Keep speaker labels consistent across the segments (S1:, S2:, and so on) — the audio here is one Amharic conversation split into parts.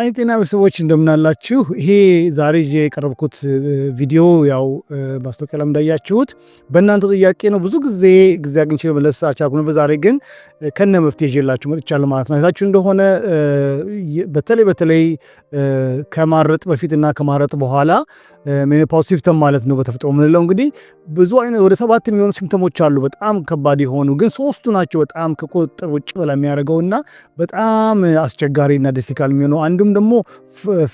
S1: አይ ጤና ቤተሰቦች እንደምናላችሁ። ይሄ ዛሬ ይዤ የቀረብኩት ቪዲዮ ያው ማስታወቂያ ላይ እንዳያችሁት በእናንተ ጥያቄ ነው። ብዙ ጊዜ ጊዜ አግኝቼ መለስ አልቻልኩም። በዛሬ ግን ከነ መፍትሄ ይዤላችሁ መጥቻለሁ ማለት ነው። አይታችሁ እንደሆነ በተለይ በተለይ ከማረጥ በፊትና ከማረጥ በኋላ ሜኖፓውዝ ሲምፕተም ማለት ነው በተፈጥሮ የምንለው እንግዲህ ብዙ አይነት ወደ ሰባት የሚሆኑ ሲምፕተሞች አሉ። በጣም ከባድ የሆኑ ግን ሶስቱ ናቸው በጣም ከቁጥጥር ውጭ በላይ የሚያደርገውና በጣም አስቸጋሪ እና ዲፊካል የሚሆነው አንዱ እንዲሁም ደግሞ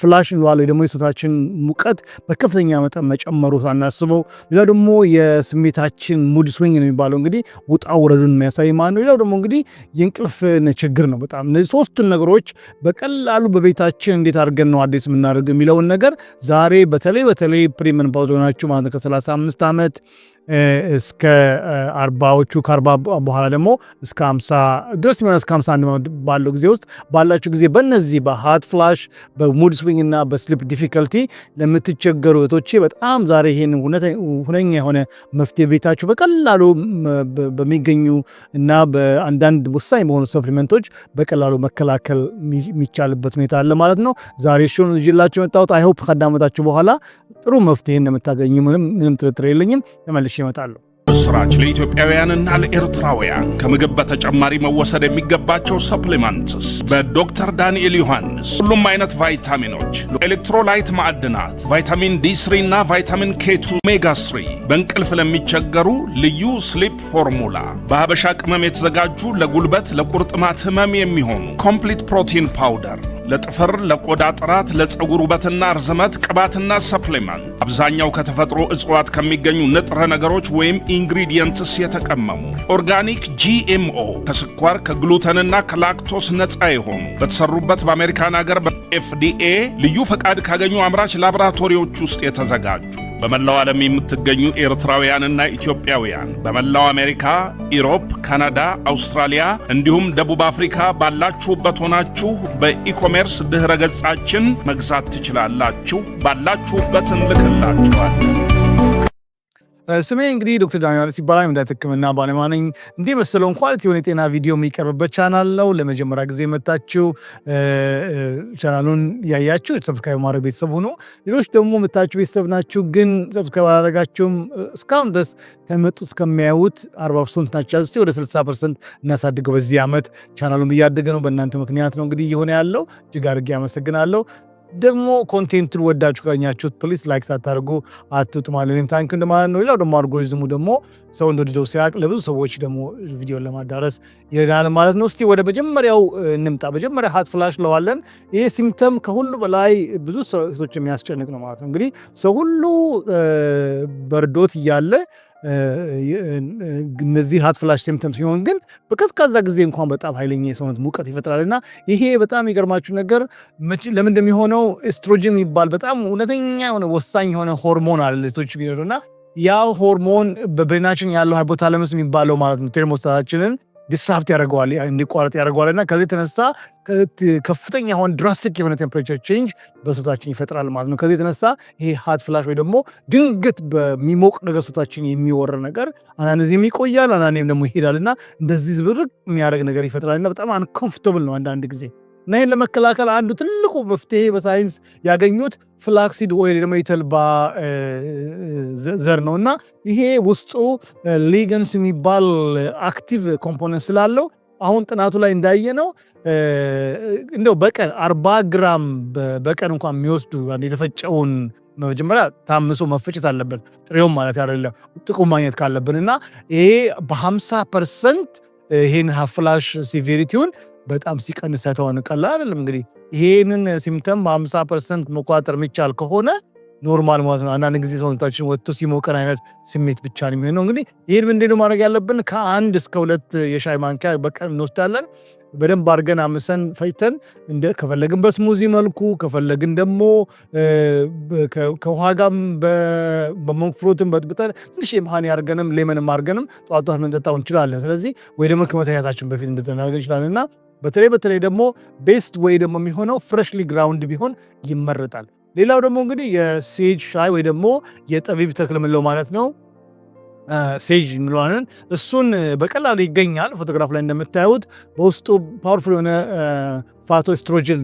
S1: ፍላሽ እንለዋለን ደግሞ የሰውነታችን ሙቀት በከፍተኛ መጠን መጨመሩ ሳናስበው። ሌላው ደግሞ የስሜታችን ሙድ ስዊንግ ነው የሚባለው እንግዲህ ውጣ ውረዱን የሚያሳይ ማለት ነው። ሌላው ደግሞ እንግዲህ የእንቅልፍ ችግር ነው። በጣም እነዚህ ሶስቱን ነገሮች በቀላሉ በቤታችን እንዴት አድርገን ነው አዲስ የምናደርግ የሚለውን ነገር ዛሬ በተለይ በተለይ ፕሪመን ፓውዝ ሆናችሁ ማለት ከ35 ዓመት እስከ አርባዎቹ ከአርባ በኋላ ደግሞ እስከ ሃምሳ ድረስ የሚሆነ እስከ ምሳ አንድ ባለው ጊዜ ውስጥ ባላችሁ ጊዜ በነዚህ በሃት ፍላሽ በሙድ ስዊንግ እና በስሊፕ ዲፊከልቲ ለምትቸገሩ እህቶቼ በጣም ዛሬ ይህን ሁነኛ የሆነ መፍትሄ ቤታችሁ በቀላሉ በሚገኙ እና በአንዳንድ ወሳኝ በሆኑ ሰፕሊመንቶች በቀላሉ መከላከል የሚቻልበት ሁኔታ አለ ማለት ነው። ዛሬ ሽን ይዤላችሁ የመጣሁት አይሆፕ ካዳመጣችሁ በኋላ ጥሩ መፍትሄ እንደምታገኙ ምንም ጥርጥር የለኝም። ተመልሼ እመጣለሁ።
S2: ስራች ለኢትዮጵያውያንና ለኤርትራውያን ከምግብ በተጨማሪ መወሰድ የሚገባቸው ሰፕሊመንትስ በዶክተር ዳንኤል ዮሐንስ። ሁሉም አይነት ቫይታሚኖች፣ ኤሌክትሮላይት፣ ማዕድናት፣ ቫይታሚን ዲ3 እና ቫይታሚን ኬ2፣ 3 በእንቅልፍ ለሚቸገሩ ልዩ ስሊፕ ፎርሙላ፣ በሀበሻ ቅመም የተዘጋጁ ለጉልበት ለቁርጥማት ህመም የሚሆኑ ኮምፕሊት ፕሮቲን ፓውደር ለጥፍር፣ ለቆዳ ጥራት፣ ለፀጉር ውበትና ርዝመት ቅባትና ሰፕሊመንት አብዛኛው ከተፈጥሮ እጽዋት ከሚገኙ ንጥረ ነገሮች ወይም ኢንግሪዲየንትስ የተቀመሙ ኦርጋኒክ፣ ጂኤምኦ ከስኳር ከግሉተንና ከላክቶስ ነፃ የሆኑ በተሰሩበት በአሜሪካን ሀገር በኤፍዲኤ ልዩ ፈቃድ ካገኙ አምራች ላቦራቶሪዎች ውስጥ የተዘጋጁ በመላው ዓለም የምትገኙ ኤርትራውያንና ኢትዮጵያውያን በመላው አሜሪካ፣ ኢሮፕ፣ ካናዳ፣ አውስትራሊያ እንዲሁም ደቡብ አፍሪካ ባላችሁበት ሆናችሁ በኢኮሜርስ ድኅረ ገጻችን መግዛት ትችላላችሁ። ባላችሁበት እንልክላችኋለን።
S1: ስሜ እንግዲህ ዶክተር ዳንኤል ሲባላ የመድኃኒት ህክምና ባለሙያ ነኝ። እንዲህ መሰለውን ኳሊቲ የሆነ የጤና ቪዲዮ የሚቀርብበት ቻናል ነው። ለመጀመሪያ ጊዜ መታችሁ ቻናሉን ያያችሁ ሰብስክራይብ ማድረግ ቤተሰብ ሆኖ ሌሎች ደግሞ መታችሁ ቤተሰብ ናችሁ፣ ግን ሰብስክራይብ አላደረጋችሁም። እስካሁን ድረስ ከመጡት ከሚያዩት 40 ፐርሰንት ናቸው ያሉት፣ ወደ 60 ፐርሰንት እናሳድገው በዚህ ዓመት። ቻናሉም እያደገ ነው፣ በእናንተ ምክንያት ነው እንግዲህ እየሆነ ያለው። እጅግ አድርጌ አመሰግናለሁ። ደግሞ ኮንቴንቱን ወዳችሁ ካገኛችሁት ፕሊስ ላይክ ሳታደርጉ አትውጡ ማለት እኔም ታንክ እንደማለት ነው። ሌላው ደግሞ አልጎሪዝሙ ደግሞ ሰው እንደወደደው ሲያቅ ለብዙ ሰዎች ደግሞ ቪዲዮ ለማዳረስ ይረዳል ማለት ነው። እስቲ ወደ መጀመሪያው እንምጣ። መጀመሪያ ሀት ፍላሽ ለዋለን። ይህ ሲምተም ከሁሉ በላይ ብዙ ሰዎች የሚያስጨንቅ ነው ማለት ነው። እንግዲህ ሰው ሁሉ በርዶት እያለ እነዚህ ሀት ፍላሽ ሲምተም ሲሆን ግን በቀዝቃዛ ጊዜ እንኳን በጣም ኃይለኛ የሰውነት ሙቀት ይፈጥራል እና ይሄ በጣም የገርማችሁ ነገር ለምን እንደሚሆነው ኤስትሮጅን የሚባል በጣም እውነተኛ የሆነ ወሳኝ የሆነ ሆርሞን አለ ሴቶች የሚረዱ እና ያ ሆርሞን በብሬናችን ያለው ሃይፖታለመስ የሚባለው ማለት ነው ቴርሞስታታችንን ዲስራፕት ያደርገዋል እንዲቋረጥ ያደርገዋል። እና ከዚህ የተነሳ ከፍተኛ የሆነ ድራስቲክ የሆነ ቴምፕሬቸር ቼንጅ በሶታችን ይፈጥራል ማለት ነው። ከዚህ የተነሳ ይሄ ሀት ፍላሽ ወይ ደግሞ ድንገት በሚሞቅ ነገር ሶታችን የሚወር ነገር አናንዚህም ይቆያል፣ አንዳንዴም ደግሞ ይሄዳል እና እንደዚህ ዝብርቅ የሚያደርግ ነገር ይፈጥራል እና በጣም አንኮምፎርታብል ነው አንዳንድ ጊዜ እና ይህን ለመከላከል አንዱ ትልቁ መፍትሄ በሳይንስ ያገኙት ፍላክሲድ ኦይል ደግሞ የተልባ ዘር ነው እና ይሄ ውስጡ ሊገንስ የሚባል አክቲቭ ኮምፖነንት ስላለው አሁን ጥናቱ ላይ እንዳየ ነው እንደው በቀን አርባ ግራም በቀን እንኳን የሚወስዱ የተፈጨውን መጀመሪያ ታምሶ መፈጨት አለበት ጥሬውም ማለት አይደለም ጥቁም ማግኘት ካለብን እና ይሄ በ50 ፐርሰንት ይህን ሀፍላሽ ሲቪሪቲውን በጣም ሲቀንስ አይተዋን ቀላል አይደለም እንግዲህ ይሄንን ሲምተም በ50 ፐርሰንት መቋጠር የሚቻል ከሆነ ኖርማል ማለት ነው። አንዳንድ ጊዜ ሰውነታችን ወጥቶ ሲሞቀን አይነት ስሜት ብቻ ነው የሚሆነው። እንግዲህ ይህን ምንድነው ማድረግ ያለብን? ከአንድ እስከ ሁለት የሻይ ማንኪያ በቀን እንወስዳለን። በደንብ አድርገን አምሰን ፈጭተን ከፈለግን በስሙዚ መልኩ ከፈለግን ደግሞ ከውሃ ጋር በመንፍሮትን በጥብጠን ትንሽ የመሀን ያርገንም ሌመንም አርገንም ጠዋት መንጠጣው እንችላለን። ስለዚህ ወይ ደግሞ ከመተኛታችን በፊት እንድትናገር እንችላለን እና በተለይ በተለይ ደግሞ ቤስት ወይ ደግሞ የሚሆነው ፍሬሽሊ ግራውንድ ቢሆን ይመረጣል። ሌላው ደግሞ እንግዲህ የሴጅ ሻይ ወይ ደግሞ የጠቢብ ተክል ምለው ማለት ነው። ሴጅ ምለንን እሱን በቀላሉ ይገኛል። ፎቶግራፍ ላይ እንደምታዩት በውስጡ ፓወርፉል የሆነ ፋይቶ ስትሮጅን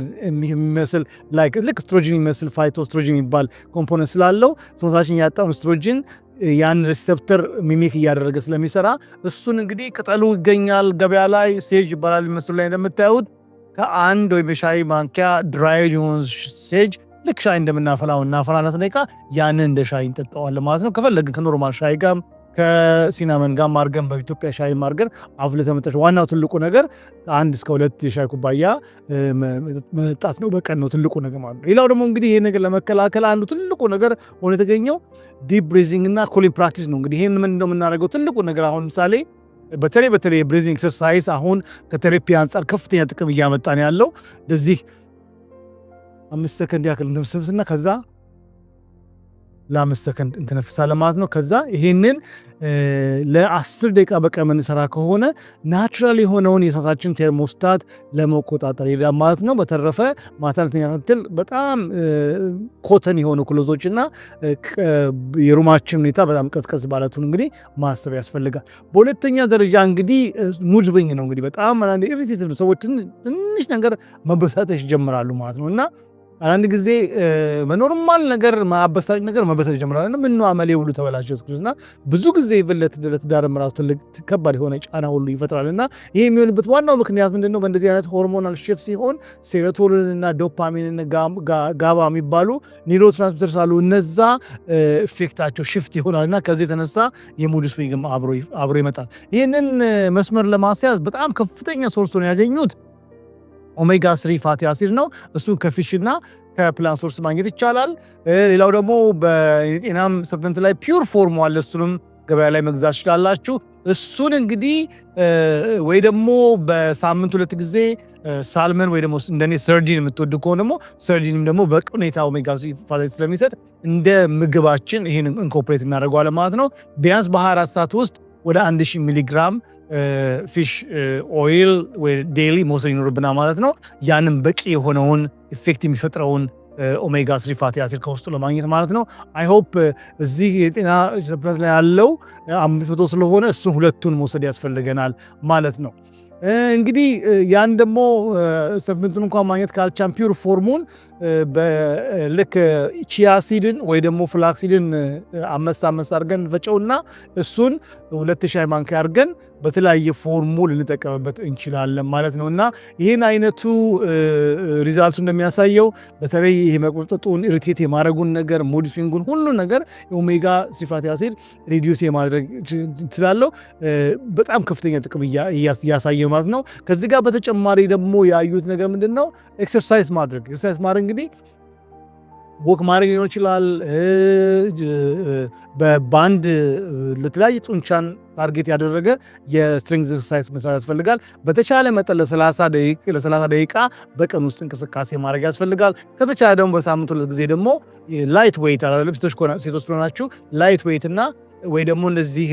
S1: የሚመስል ላይክ ልክ ስትሮጅን የሚመስል ፋይቶ ስትሮጅን የሚባል ኮምፖነንት ስላለው ሰውነታችን ያጣውን ስትሮጅን ያን ሪሴፕተር ሚሚክ እያደረገ ስለሚሰራ እሱን እንግዲህ ቅጠሉ ይገኛል ገበያ ላይ ሴጅ ይባላል። ምስሉ ላይ እንደምታዩት ከአንድ ወይም የሻይ ማንኪያ ድራይ የሆነ ሴጅ ልክ ሻይ እንደምናፈላው እናፈላና ስነቃ ያንን እንደ ሻይ እንጠጣዋለን ማለት ነው። ከፈለግን ከኖርማል ሻይ ጋር ከሲናመን ጋር ማርገን በኢትዮጵያ ሻይ ማርገን አፍልተን መጠጣት። ዋናው ትልቁ ነገር አንድ እስከ ሁለት የሻይ ኩባያ መጠጣት ነው በቀን ነው ትልቁ ነገር ማለት ነው። ሌላው ደግሞ እንግዲህ ይሄ ነገር ለመከላከል አንዱ ትልቁ ነገር ሆኖ የተገኘው ዲፕ ብሬዚንግ እና ኮሊን ፕራክቲስ ነው። እንግዲህ ይህን ምንድነው ነው የምናደርገው ትልቁ ነገር አሁን ምሳሌ በተለይ በተለይ የብሬዚንግ ኤክሰርሳይዝ አሁን ከቴሬፒ አንጻር ከፍተኛ ጥቅም እያመጣን ያለው እንደዚህ አምስት ሰከንድ ያክል እንተነፍስና ከዛ ለአምስት ሰከንድ እንተነፍሳለን ማለት ነው። ከዛ ይሄንን ለአስር ደቂቃ በቀን የምንሰራ ከሆነ ናቹራል የሆነውን የሰዓታችን ቴርሞስታት ለመቆጣጠር ይዳ ማለት ነው። በተረፈ ማታነተኛ ስትል በጣም ኮተን የሆኑ ክሎዞች እና የሩማችን ሁኔታ በጣም ቀዝቀዝ ባለቱን እንግዲህ ማሰብ ያስፈልጋል። በሁለተኛ ደረጃ እንግዲህ ሙድ ስዊንግ ነው። እንግዲህ በጣም ኢሪቴት ሰዎች ትንሽ ነገር መበሳተሽ ይጀምራሉ ማለት ነው እና አንዳንድ ጊዜ በኖርማል ነገር አበሳጭ ነገር መበሰል ይጀምራል። ምነው አመሌ ሁሉ ተበላሽ እስክልና ብዙ ጊዜ ይበለት ለትዳርም ራሱ ትልቅ ከባድ የሆነ ጫና ሁሉ ይፈጥራል። እና ይህ የሚሆንበት ዋናው ምክንያት ምንድነው? በእንደዚህ አይነት ሆርሞናል ሼፍ ሲሆን ሴሮቶኒን ሴሮቶኒንና ዶፓሚንን ጋባ የሚባሉ ኒውሮ ትራንስሚተር ሳሉ እነዛ ኢፌክታቸው ሽፍት ይሆናል እና ከዚህ የተነሳ የሙድ ስዊንግ አብሮ ይመጣል። ይህንን መስመር ለማስያዝ በጣም ከፍተኛ ሶርስ ነው ያገኙት ኦሜጋ ስሪ ፋቲ አሲድ ነው። እሱ ከፊሽና ከፕላንት ሶርስ ማግኘት ይቻላል። ሌላው ደግሞ በጤናም ሰፕሊመንት ላይ ፒውር ፎርም አለ። እሱንም ገበያ ላይ መግዛት ይችላላችሁ። እሱን እንግዲህ ወይ ደግሞ በሳምንት ሁለት ጊዜ ሳልመን ወይ ደግሞ እንደኔ ሰርዲን የምትወድ ከሆነ ደግሞ ሰርዲንም ደግሞ በቂ ሁኔታ ኦሜጋ ፋቲ ስለሚሰጥ እንደ ምግባችን ይህን ኢንኮርፖሬት እናደርገዋለን ማለት ነው። ቢያንስ በ24 ሰዓት ውስጥ ወደ 1000 ሚሊግራም ፊሽ ኦይል ወይ ዴይሊ መውሰድ ይኖርብናል ማለት ነው። ያንም በቂ የሆነውን ኢፌክት የሚፈጥረውን ኦሜጋ ስሪ ፋቲ አሲድ ከውስጡ ለማግኘት ማለት ነው። አይ ሆፕ እዚህ የጤና ሰፕሊመንት ላይ ያለው አምስት መቶ ስለሆነ እሱን ሁለቱን መውሰድ ያስፈልገናል ማለት ነው። እንግዲህ ያን ደግሞ ሰብንትን እንኳ ማግኘት ካልቻን ፒውር ፎርሙን ልክ ቺያሲድን ወይ ደግሞ ፍላክሲድን አመስ አመስ አድርገን እንፈጨውና እሱን ሁለት ሻይ ማንኪያ አድርገን በተለያየ ፎርሙ ልንጠቀምበት እንችላለን ማለት ነው እና ይህን አይነቱ ሪዛልቱ እንደሚያሳየው በተለይ ይሄ መቁጠጡን ኢሪቴት የማድረጉን ነገር ሞዲስዊንጉን ሁሉ ነገር የኦሜጋ ስሪፋቲ አሲድ ሬዲዩስ የማድረግ ስላለው በጣም ከፍተኛ ጥቅም እያሳየ ነው ማለት ነው። ከዚህ ጋር በተጨማሪ ደግሞ ያዩት ነገር ምንድን ነው? ኤክሰርሳይዝ ማድረግ። ኤክሰርሳይዝ ማድረግ እንግዲህ ወክ ማድረግ ሊሆን ይችላል። በባንድ ለተለያየ ጡንቻን ታርጌት ያደረገ የስትሪንግ ኤክሰርሳይዝ መስራት ያስፈልጋል። በተቻለ መጠን ለ30 ደቂቃ በቀን ውስጥ እንቅስቃሴ ማድረግ ያስፈልጋል። ከተቻለ ደግሞ በሳምንት ሁለት ጊዜ ደግሞ ላይት ዌይት ሴቶች ሆናችሁ ላይት ዌይት እና ወይ ደግሞ እነዚህ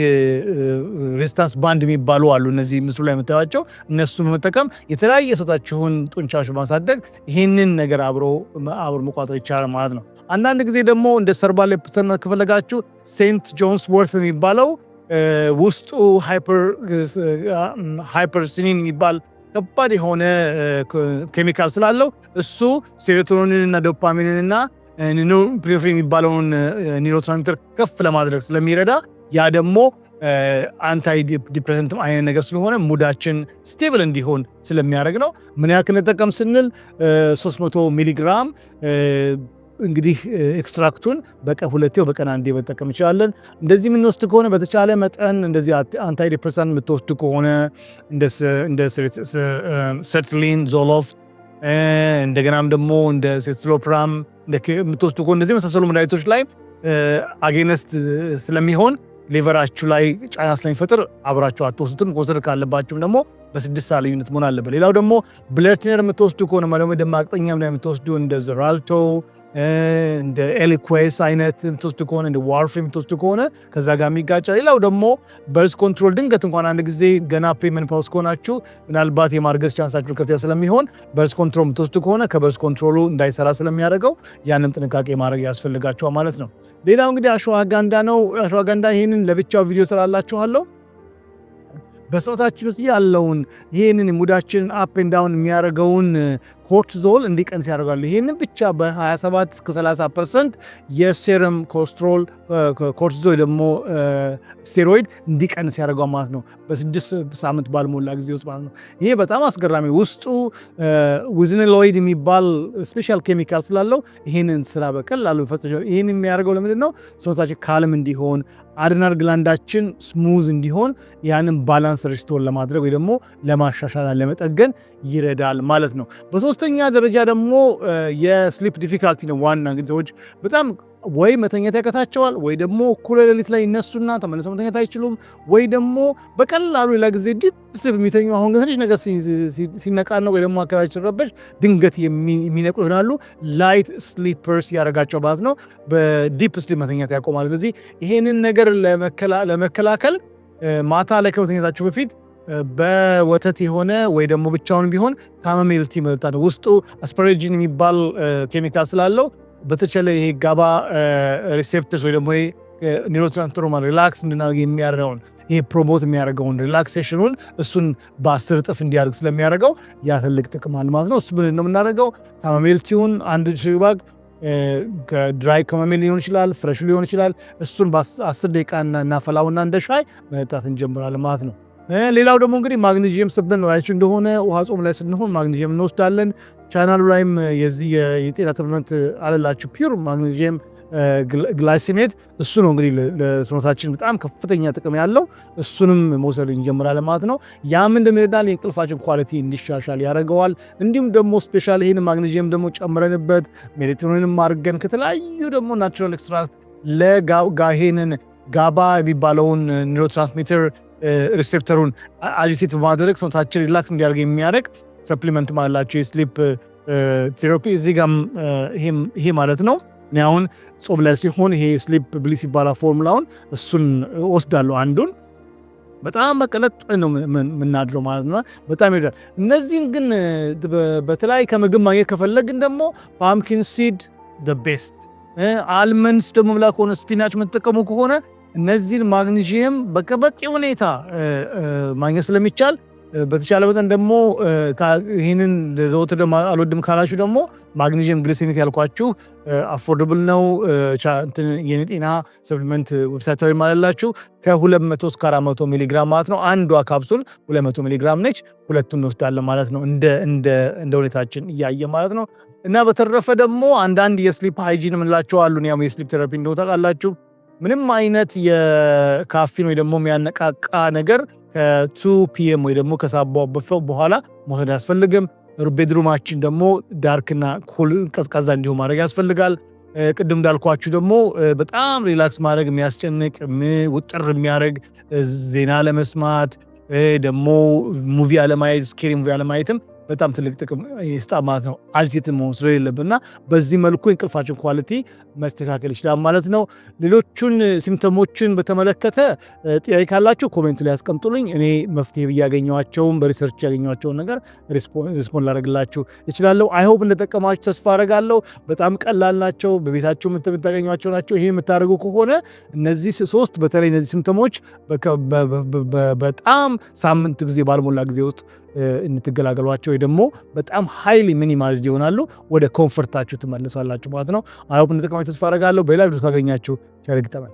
S1: ሬዚስታንስ ባንድ የሚባሉ አሉ። እነዚህ ምስሉ ላይ የምታዩቸው እነሱ በመጠቀም የተለያየ የሰውታችሁን ጡንቻዎች በማሳደግ ይህንን ነገር አብሮ አብሮ መቋጠር ይቻላል ማለት ነው። አንዳንድ ጊዜ ደግሞ እንደ ሰርባል ሌፕተን ከፈለጋችሁ ሴንት ጆንስ ወርት የሚባለው ውስጡ ሃይፐርሲኒን የሚባል ከባድ የሆነ ኬሚካል ስላለው እሱ ዶፓሚንን ዶፓሚንንና ፕሪፍሪን የሚባለውን ኒሮትራንተር ከፍ ለማድረግ ስለሚረዳ ያ ደግሞ አንታይ ዲፕሬሰንት አይነት ነገር ስለሆነ ሙዳችን ስቴብል እንዲሆን ስለሚያደርግ ነው። ምን ያክል እንጠቀም ስንል 300 ሚሊግራም እንግዲህ ኤክስትራክቱን በቀን ሁለቴ በቀን አንዴ መጠቀም እንችላለን። እንደዚህ የምንወስድ ከሆነ በተቻለ መጠን እንደዚህ አንታይ ዲፕሬሳንት የምትወስድ ከሆነ እንደ ሰርትሊን፣ ዞሎፍት እንደገናም ደግሞ እንደ ሴትሎፕራም የምትወስዱ ከሆነ እነዚህ መሳሰሉ መድኃኒቶች ላይ አጌነስት ስለሚሆን ሌቨራችሁ ላይ ጫና ስለሚፈጥር አብራችሁ አትወስዱትም። መውሰድ ካለባችሁም ደግሞ በስድስት ሰዓት ልዩነት መሆን አለበት። ሌላው ደግሞ ብለርቲነር የምትወስዱ ከሆነ ማለት ደግሞ ደም አቅጠኛ የምትወስዱ እንደ ዘራልቶ እንደ ኤሊኩዌስ አይነት የምትወስዱ ከሆነ እንደ ዋርፍ የምትወስዱ ከሆነ ከዛ ጋር የሚጋጫ። ሌላው ደግሞ በርስ ኮንትሮል ድንገት እንኳን አንድ ጊዜ ገና ፔመንፓውስ ከሆናችሁ ምናልባት የማርገዝ ቻንሳችሁ ከፍተኛ ስለሚሆን በርስ ኮንትሮል የምትወስዱ ከሆነ ከበርስ ኮንትሮሉ እንዳይሰራ ስለሚያደርገው ያንም ጥንቃቄ ማድረግ ያስፈልጋቸዋል ማለት ነው። ሌላው እንግዲህ አሸዋጋንዳ ነው። አሸዋጋንዳ ይህንን ለብቻው ቪዲዮ ስራላችኋለሁ። በሰውነታችን ውስጥ ያለውን ይህንን ሙዳችንን አፕ ንዳውን የሚያደርገውን ኮርቲዞል እንዲቀንስ ያደርጋሉ። ይህንን ብቻ በ27 እስከ 30 ፐርሰንት የሴረም ኮስትሮል ኮርቲዞል ደግሞ ስቴሮይድ እንዲቀንስ ያደርገዋል ማለት ነው፣ በስድስት ሳምንት ባልሞላ ጊዜ ውስጥ ማለት ነው። ይሄ በጣም አስገራሚ ውስጡ ዊዝኒሎይድ የሚባል ስፔሻል ኬሚካል ስላለው ይህንን ስራ በቀላሉ ይፈጽማል። ይህን የሚያደርገው ለምንድን ነው? ሰውነታችን ካልም እንዲሆን አድናር ግላንዳችን ስሙዝ እንዲሆን ያንን ባላንስ ሪስቶር ለማድረግ ወይ ደግሞ ለማሻሻል ለመጠገን ይረዳል ማለት ነው። በሶስተኛ ደረጃ ደግሞ የስሊፕ ዲፊካልቲ ነው። ዋና እንግዲህ ሰዎች በጣም ወይ መተኛት ያቀታቸዋል፣ ወይ ደግሞ እኩለ ሌሊት ላይ ይነሱና ተመልሰው መተኛት አይችሉም፣ ወይ ደግሞ በቀላሉ ሌላ ጊዜ ዲፕ ስሊፕ የሚተኙ አሁን ግን ትንሽ ነገር ሲነቃነቅ ወይ ደግሞ አካባቢ ሲረበሽ ድንገት የሚነቁ ይሆናሉ። ላይት ስሊፐርስ ያደረጋቸው ማለት ነው። በዲፕ ስሊፕ መተኛት ያቆማል። ስለዚህ ይሄንን ነገር ለመከላከል ማታ ላይ ከመተኛታቸው በፊት በወተት የሆነ ወይ ደግሞ ብቻውን ቢሆን ካሞሜል ሚልቲ ነው። ውስጡ አስፐሬጂን የሚባል ኬሚካል ስላለው በተቻለ ይሄ ጋባ ሪሴፕተርስ ወይ ደግሞ ኒሮትራንስፈርመር ሪላክስ እንድናደርግ የሚያደርገውን ይሄ ፕሮሞት የሚያደርገውን ሪላክሴሽኑን እሱን በአስር እጥፍ እንዲያደርግ ስለሚያደርገው ያ ትልቅ ጥቅም አለ ማለት ነው። እሱ ምን ነው የምናደርገው ካሞሜል አንድ ሽባግ ድራይ ከመሜል ሊሆን ይችላል፣ ፍሬሽ ሊሆን ይችላል። እሱን በአስር ደቂቃ እናፈላውና እንደ ሻይ መጠጣት እንጀምራለን ማለት ነው። ሌላው ደግሞ እንግዲህ ማግኔዥየም ስብን ነው እንደሆነ ውሃ ጾም ላይ ስንሆን ማግኔዥየም እንወስዳለን። ቻናሉ ላይም የዚህ የጤና ትምህርት አለላችሁ ፒር ማግኔዥየም ግላይሲሜት እሱ ነው እንግዲህ ለሰውነታችን በጣም ከፍተኛ ጥቅም ያለው እሱንም መውሰድ እንጀምራለን ማለት ነው። ያም እንደሚረዳል የእንቅልፋችን ኳሊቲ እንዲሻሻል ያደርገዋል። እንዲሁም ደግሞ ስፔሻል ይህን ማግኔዥየም ደግሞ ጨምረንበት ሜዲትሮኒንም አድርገን ከተለያዩ ደግሞ ናቹራል ኤክስትራክት ለጋሄንን ጋባ የሚባለውን ኒሮትራንስሚተር ሪሴፕተሩን አጂቴት በማድረግ ሰውነታችን ሪላክስ እንዲያደርግ የሚያደርግ ሰፕሊመንት ማላቸው የስሊፕ ቴራፒ እዚህ ጋም ይሄ ማለት ነው። እኔ አሁን ጾም ላይ ሲሆን ይሄ ስሊፕ ብሊስ ይባላል ፎርሙላውን እሱን ወስዳለሁ አንዱን በጣም በቀለጥ ነው የምናድረው ማለት ነው። በጣም ይወዳል። እነዚህን ግን በተለያይ ከምግብ ማግኘት ከፈለግን ደግሞ ፓምኪን ሲድ ቤስት፣ አልመንስ ደግሞ ብላ ከሆነ ስፒናች የምንጠቀሙ ከሆነ እነዚህን ማግኒዥየም በበቂ ሁኔታ ማግኘት ስለሚቻል በተቻለ መጠን ደግሞ ይህንን ዘወትር አልወድም ካላችሁ ደግሞ ማግኒዥየም ግሊሲኔት ያልኳችሁ አፎርደብል ነው። የጤና ሰፕሊመንት ዌብሳይታዊ ማለላችሁ ከ200 እስከ 400 ሚሊግራም ማለት ነው። አንዷ ካፕሱል 200 ሚሊግራም ነች። ሁለቱን እንወስዳለን ማለት ነው፣ እንደ ሁኔታችን እያየ ማለት ነው። እና በተረፈ ደግሞ አንዳንድ የስሊፕ ሃይጂን የምንላቸው አሉ። ያው የስሊፕ ቴራፒ እንደው ታውቃላችሁ ምንም አይነት የካፊን ወይ ደግሞ የሚያነቃቃ ነገር ከቱ ፒኤም ወይ ደግሞ ከሳባው በኋላ መውሰድ አያስፈልግም። ቤድሩማችን ደግሞ ዳርክና ኩል ቀዝቃዛ እንዲሁ ማድረግ ያስፈልጋል። ቅድም እንዳልኳችሁ ደግሞ በጣም ሪላክስ ማድረግ የሚያስጨንቅ ውጥር የሚያደርግ ዜና ለመስማት ደግሞ ሙቪ አለማየት ስኬሪ ሙቪ አለማየትም በጣም ትልቅ ጥቅም ስጣ ማለት ነው። አዲቴት መሆን ስለሌለብን እና በዚህ መልኩ የእንቅልፋችን ኳሊቲ መስተካከል ይችላል ማለት ነው። ሌሎቹን ሲምፕተሞችን በተመለከተ ጥያቄ ካላችሁ ኮሜንቱ ላይ ያስቀምጡልኝ። እኔ መፍትሄ ብያገኘኋቸውም በሪሰርች ያገኘኋቸውን ነገር ሪስፖንድ ላደርግላችሁ ይችላለሁ። አይሆፕ እንደጠቀማችሁ ተስፋ አደርጋለሁ። በጣም ቀላል ናቸው። በቤታችሁ የምታገኟቸው ናቸው። ይህ የምታደርጉ ከሆነ እነዚህ ሶስት በተለይ እነዚህ ሲምፕተሞች በጣም ሳምንት ጊዜ ባልሞላ ጊዜ ውስጥ እንትገላገሏቸው ወይ ደግሞ በጣም ሀይሊ ሚኒማይዝድ ይሆናሉ። ወደ ኮንፈርታችሁ ትመልሷላችሁ ማለት ነው። አይሆፕ እንደጠቀማችሁ ተስፋ አደርጋለሁ። በሌላ ቪዲዮ ካገኛችሁ ቸር ይግጠመን።